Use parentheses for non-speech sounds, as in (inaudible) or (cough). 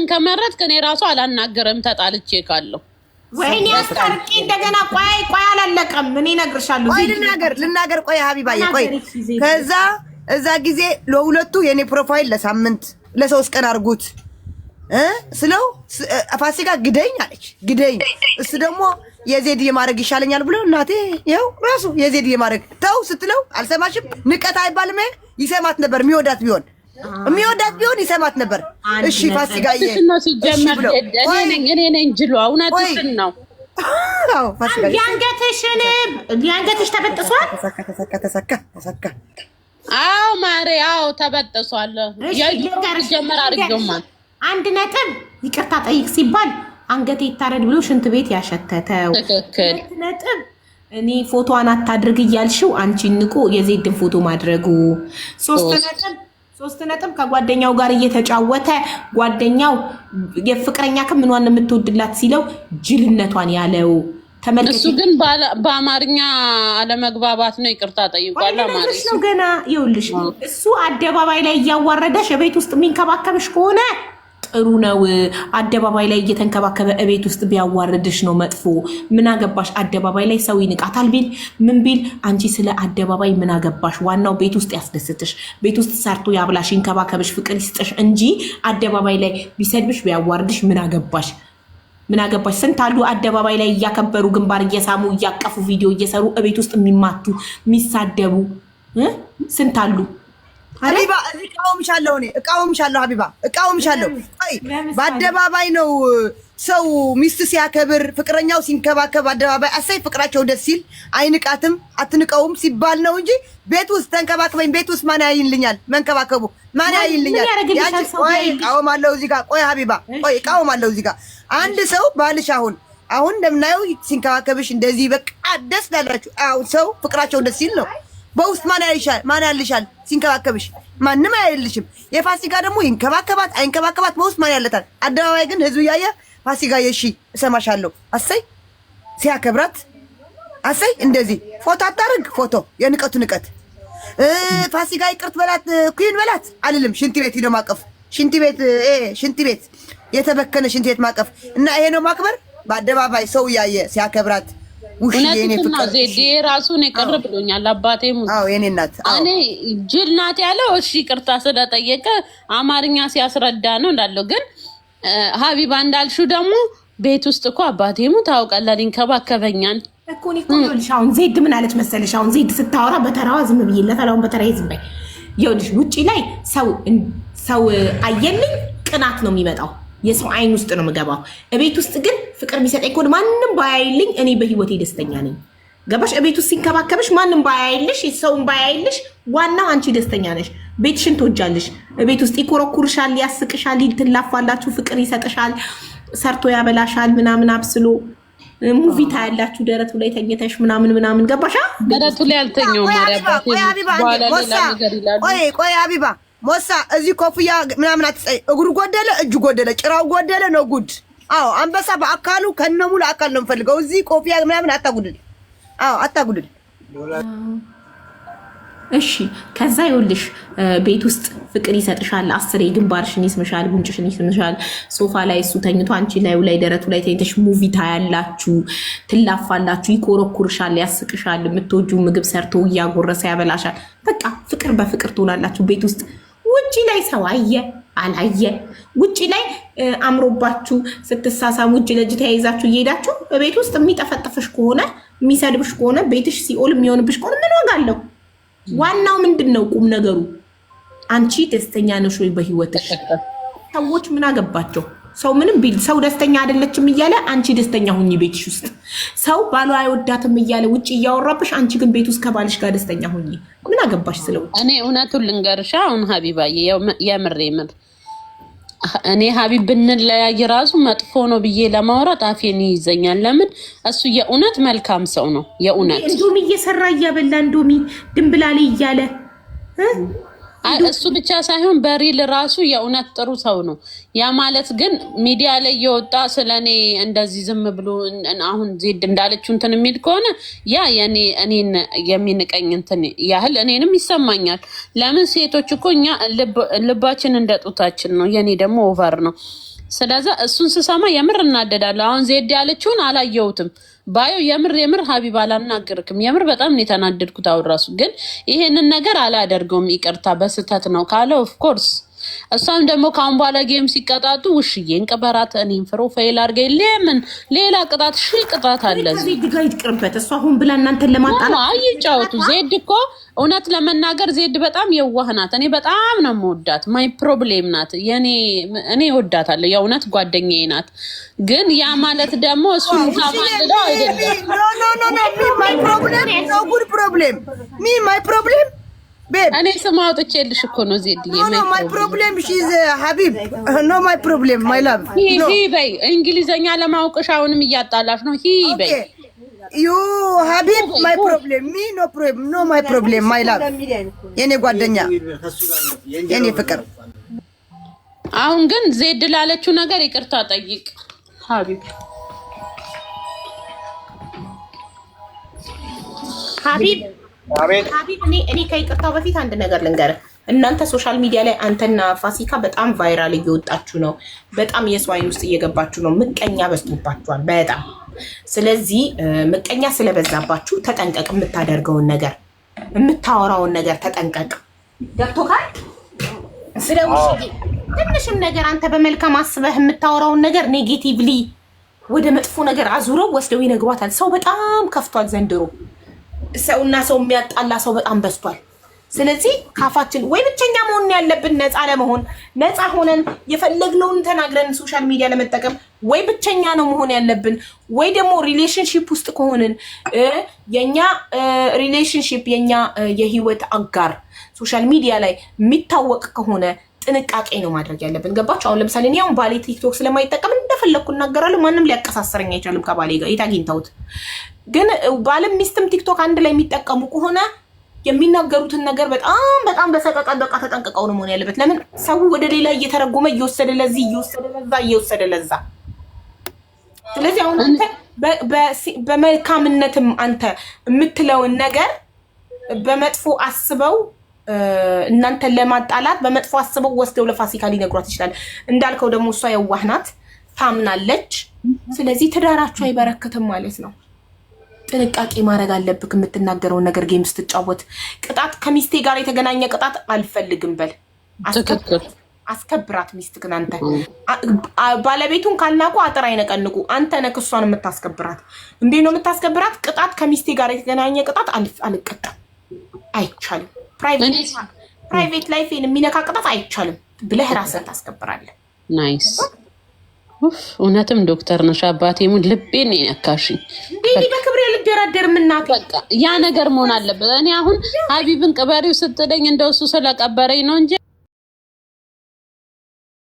ራስን ከመረጥክ እኔ ራሱ አላናገረም ተጣልቼ ካለው ወይኔ አስታርቂ እንደገና። ቆይ ቆይ አላለቀም። እኔ እነግርሻለሁ። ቆይ ልናገር ልናገር። ቆይ ሀቢባዬ ቆይ። ከዛ እዛ ጊዜ ለሁለቱ የእኔ ፕሮፋይል ለሳምንት ለሶስት ቀን አድርጉት ስለው ፋሲካ ግደኝ አለች። ግደኝ እሱ ደግሞ የዜድ የማድረግ ይሻለኛል ብሎ እናቴ ይኸው ራሱ የዜድ የማድረግ ተው ስትለው አልሰማሽም። ንቀት አይባልም። ይሰማት ነበር የሚወዳት ቢሆን የሚወዳት ቢሆን ይሰማት ነበር። እሺ ፋሲካዬ (laughs) አዎ፣ ማሬ አዎ፣ ተበጥሷል። ጀመር አድርጌውማል። አንድ ነጥብ ይቅርታ ጠይቅ ሲባል አንገቴ ይታረድ ብሎ ሽንት ቤት ያሸተተው ትክክል ነጥብ እኔ ፎቶዋን አታድርግ እያልሽው አንቺ ንቁ የዜድን ፎቶ ማድረጉ ሶስት ነጥብ ሶስት ነጥብ ከጓደኛው ጋር እየተጫወተ ጓደኛው የፍቅረኛ ከምኗን የምትወድላት ሲለው ጅልነቷን ያለው እሱ ግን በአማርኛ አለመግባባት ነው። ይቅርታ ጠይቋል ነው። ገና ይውልሽ። እሱ አደባባይ ላይ እያዋረደሽ የቤት ውስጥ የሚንከባከብሽ ከሆነ ጥሩ ነው። አደባባይ ላይ እየተንከባከበ እቤት ውስጥ ቢያዋርድሽ ነው መጥፎ። ምን አገባሽ? አደባባይ ላይ ሰው ይንቃታል ቢል ምን ቢል፣ አንቺ ስለ አደባባይ ምን አገባሽ? ዋናው ቤት ውስጥ ያስደስትሽ፣ ቤት ውስጥ ሰርቶ ያብላሽ፣ ይንከባከብሽ፣ ፍቅር ይስጥሽ እንጂ አደባባይ ላይ ቢሰድብሽ ቢያዋርድሽ ምን አገባሽ? ምን አገባሽ? ስንት አሉ አደባባይ ላይ እያከበሩ ግንባር እየሳሙ እያቀፉ ቪዲዮ እየሰሩ እቤት ውስጥ የሚማቱ የሚሳደቡ ስንት አሉ? ሀቢባ እዚህ እቃወምሻለሁ፣ እኔ እቃወምሻለሁ። ሀቢባ እቃወምሻለሁ። አይ በአደባባይ ነው ሰው ሚስት ሲያከብር ፍቅረኛው ሲንከባከብ አደባባይ አሳይ ፍቅራቸው ደስ ሲል አይንቃትም አትንቀውም ሲባል ነው እንጂ ቤት ውስጥ ተንከባከበኝ፣ ቤት ውስጥ ማን ያይልኛል? መንከባከቡ ማን ያይልኛል? ቆይ እቃወማለሁ እዚህ ጋር። ቆይ ሀቢባ ቆይ እቃወማለሁ እዚህ ጋር። አንድ ሰው ባልሽ አሁን አሁን እንደምናየው ሲንከባከብሽ እንደዚህ በቃ ደስ ላላችሁ፣ ሰው ፍቅራቸው ደስ ሲል ነው በውስጥ ማን ያልሻል? ማን ያልሻል? ሲንከባከብሽ ማንም አያይልሽም። የፋሲካ ደግሞ ይንከባከባት አይንከባከባት በውስጥ ማን ያለታል? አደባባይ ግን ህዝብ እያየ ፋሲካ የሺ እሰማሻለሁ። አሰይ ሲያከብራት፣ አሰይ እንደዚህ ፎቶ አታርግ። ፎቶ የንቀቱ ንቀት። ፋሲካ ይቅርት በላት ኩን በላት አልልም። ሽንት ቤት ሂዶ ማቀፍ፣ ሽንት ቤት ሽንት ቤት የተበከነ ሽንት ቤት ማቀፍ እና ይሄ ነው ማክበር። በአደባባይ ሰው እያየ ሲያከብራት እውነቱን ነው። ዜዴ ብሎኛል። አባቴ እኔ ጅል ናት ያለው እሺ፣ ቅርታ ስለጠየቀ አማርኛ ሲያስረዳ ነው እንዳለው። ግን ሀቢባ እንዳልሹ ደግሞ ቤት ውስጥ እኮ አባቴ አሁን ዜድ ምን አለች መሰለሽ? አሁን ዜድ ስታወራ በተራዋ ዝም ብዬለት አሁን ዝም በይ። ይኸውልሽ ላይ ሰው አየልኝ ቅናት ነው የሚመጣው የሰው አይን ውስጥ ነው የምገባው። እቤት ውስጥ ግን ፍቅር ቢሰጠኝ ከሆነ ማንም ባያይልኝ እኔ በህይወቴ ደስተኛ ነኝ። ገባሽ? እቤት ውስጥ ሲንከባከብሽ ማንም ባያይልሽ፣ ሰውን ባያይልሽ፣ ዋናው አንቺ ደስተኛ ነሽ። ቤትሽን ትወጃለሽ። እቤት ውስጥ ይኮረኩርሻል፣ ያስቅሻል፣ ትላፋላችሁ፣ ፍቅር ይሰጥሻል፣ ሰርቶ ያበላሻል፣ ምናምን አብስሎ ሙቪ ታያላችሁ፣ ደረቱ ላይ ተኝተሽ ምናምን ምናምን። ገባሻ? ደረቱ ላይ አልተኛውም። ቆይ አቢባ ሞሳ እዚህ ኮፍያ ምናምን አትጸይ። እግሩ ጎደለ፣ እጁ ጎደለ፣ ጭራው ጎደለ ነው ጉድ። አዎ አንበሳ በአካሉ ከነሙሉ አካል ነው የምፈልገው። እዚህ ኮፍያ ምናምን አታጉድል። አዎ አታጉድል። እሺ ከዛ ይኸውልሽ ቤት ውስጥ ፍቅር ይሰጥሻል። አስሬ ግንባርሽን ይስምሻል፣ ጉንጭሽን ይስምሻል። ሶፋ ላይ እሱ ተኝቶ አንቺ ላዩ ላይ ደረቱ ላይ ተኝተሽ ሙቪ ታያላችሁ፣ ትላፋላችሁ፣ ይኮረኩርሻል፣ ያስቅሻል። የምትወጂው ምግብ ሰርቶ እያጎረሰ ያበላሻል። በቃ ፍቅር በፍቅር ትሆናላችሁ ቤት ውስጥ ውጭ ላይ ሰው አየ አላየ ውጭ ላይ አምሮባችሁ ስትሳሳሙ እጅ ለእጅ ተያይዛችሁ እየሄዳችሁ በቤት ውስጥ የሚጠፈጥፍሽ ከሆነ የሚሰድብሽ ከሆነ ቤትሽ ሲኦል የሚሆንብሽ ከሆነ ምን ዋጋ አለው? ዋናው ምንድን ነው? ቁም ነገሩ አንቺ ደስተኛ ነሽ ወይ በህይወትሽ? ሰዎች ምን አገባቸው? ሰው ምንም ቢል ሰው ደስተኛ አይደለችም እያለ አንቺ ደስተኛ ሁኝ ቤትሽ ውስጥ። ሰው ባሏ አይወዳትም እያለ ውጭ እያወራብሽ፣ አንቺ ግን ቤት ውስጥ ከባልሽ ጋር ደስተኛ ሁኝ። ምን አገባሽ ስለው? እኔ እውነቱን ልንገርሻ አሁን ሀቢባዬ የምር የምር እኔ ሀቢብ ብንለያይ ራሱ መጥፎ ነው ብዬ ለማውራት አፌን ይይዘኛል። ለምን እሱ የእውነት መልካም ሰው ነው። የእውነት እንዶሚ እየሰራ እያበላ እንዶሚ ድንብላሌ እያለ እሱ ብቻ ሳይሆን በሪል ራሱ የእውነት ጥሩ ሰው ነው። ያ ማለት ግን ሚዲያ ላይ የወጣ ስለ እኔ እንደዚህ ዝም ብሎ አሁን ዜድ እንዳለችው እንትን የሚል ከሆነ ያ የኔ እኔን የሚንቀኝ እንትን ያህል እኔንም ይሰማኛል። ለምን ሴቶች እኮ እኛ ልባችን እንደ ጡታችን ነው፣ የኔ ደግሞ ኦቨር ነው። ስለዛ እሱን ስሰማ የምር እናደዳለሁ። አሁን ዜድ ያለችውን አላየሁትም ባዩ የምር የምር ሀቢብ አላናገርክም። የምር በጣም ነው የተናደድኩት። አሁን ራሱ ግን ይሄንን ነገር አላደርገውም ይቅርታ በስህተት ነው ካለ ኦፍኮርስ እሷም ደግሞ ከአሁን በኋላ ጌም ሲቀጣጡ ውሽዬ ቅበራት፣ እኔም ፕሮፋይል አድርገኝ። ለምን ሌላ ቅጣት ሺ ቅጣት አለ። ዜድ ጋር ይቅርበት። እሷ አሁን ብላ እናንተን ለማጣላት አይጫወቱ። ዜድ እኮ እውነት ለመናገር ዜድ በጣም የዋህ ናት። እኔ በጣም ነው የምወዳት። ማይ ፕሮብሌም ናት የኔ። እኔ እወዳታለሁ፣ የእውነት ጓደኛዬ ናት። ግን ያ ማለት ደግሞ እሱ ታማልለው አይደለም። ማይ ፕሮብሌም ኖ ጉድ ፕሮብሌም ሚ ማይ ፕሮብሌም እኔ ስም አውጥቼልሽ እኮ ነው ዜድዬ። ኖ ማይ ፕሮብሌም ሺዝ ሀቢብ ኖ ማይ ፕሮብሌም ማይ ላቭ ሂ በይ። እንግሊዘኛ ለማውቅሽ አሁንም እያጣላሽ ነው። ሂ በይ ዩ ሀቢብ ማይ ፕሮብሌም ሚ ኖ ፕሮብሌም ኖ ማይ ፕሮብሌም ማይ ላቭ የኔ ጓደኛ የኔ ፍቅር። አሁን ግን ዜድ ላለችው ነገር ይቅርታ ጠይቅ ሀቢብ። ሀቢብ እኔ ከይቅርታው በፊት አንድ ነገር ልንገር። እናንተ ሶሻል ሚዲያ ላይ አንተና ፋሲካ በጣም ቫይራል እየወጣችሁ ነው። በጣም የሰው ዓይን ውስጥ እየገባችሁ ነው። ምቀኛ በዝቶባችኋል በጣም ስለዚህ ምቀኛ ስለበዛባችሁ ተጠንቀቅ። የምታደርገውን ነገር የምታወራውን ነገር ተጠንቀቅ። ገብቶካል? ስለ ትንሽም ነገር አንተ በመልካም አስበህ የምታወራውን ነገር ኔጌቲቭሊ ወደ መጥፎ ነገር አዙረው ወስደው ይነግሯታል። ሰው በጣም ከፍቷል ዘንድሮ። ሰውና ሰው የሚያጣላ ሰው በጣም በዝቷል። ስለዚህ ካፋችን ወይ ብቸኛ መሆን ያለብን ነፃ ለመሆን ነፃ ሆነን የፈለግነውን ተናግረን ሶሻል ሚዲያ ለመጠቀም ወይ ብቸኛ ነው መሆን ያለብን ወይ ደግሞ ሪሌሽንሽፕ ውስጥ ከሆንን የኛ ሪሌሽንሽፕ የኛ የህይወት አጋር ሶሻል ሚዲያ ላይ የሚታወቅ ከሆነ ጥንቃቄ ነው ማድረግ ያለብን። ገባችሁ? አሁን ለምሳሌ እኔ አሁን ባሌ ቲክቶክ ስለማይጠቀም እንደፈለግኩ እናገራለሁ። ማንም ሊያቀሳሰረኝ አይቻልም ከባሌ ጋር የት አግኝተውት ግን ባልም ሚስትም ቲክቶክ አንድ ላይ የሚጠቀሙ ከሆነ የሚናገሩትን ነገር በጣም በጣም በሰቀቀን በቃ ተጠንቅቀው ነው መሆን ያለበት። ለምን ሰው ወደ ሌላ እየተረጎመ እየወሰደ ለዚህ እየወሰደ ለዛ እየወሰደ ለዛ። ስለዚህ አሁን አንተ በመልካምነትም አንተ የምትለውን ነገር በመጥፎ አስበው እናንተ ለማጣላት በመጥፎ አስበው ወስደው ለፋሲካ ሊነግሯት ይችላል። እንዳልከው ደግሞ እሷ የዋህ ናት ታምናለች። ስለዚህ ትዳራችሁ አይበረክትም ማለት ነው። ጥንቃቄ ማድረግ አለብህ የምትናገረውን ነገር ጌም ስትጫወት። ቅጣት ከሚስቴ ጋር የተገናኘ ቅጣት አልፈልግም በል። አስከብራት ሚስትክን። አንተ ባለቤቱን ካልናቁ አጥር አይነቀንቁ። አንተ ነህ እሷን የምታስከብራት። እንዴ ነው የምታስከብራት? ቅጣት ከሚስቴ ጋር የተገናኘ ቅጣት አልቀጣም፣ አይቻልም። ፕራይቬት ላይፍ የሚነካ ቅጣት አይቻልም ብለህ ራስህን ታስከብራለህ። ናይስ እውነትም ዶክተር ነሽ። አባቴ ሙን ልቤን ነካሽኝ። በክብሬ ልደራደር ምናት ያ ነገር መሆን አለበት። እኔ አሁን ሀቢብን ቅበሬው ስትለኝ እንደው እሱ ስለቀበረኝ ነው እንጂ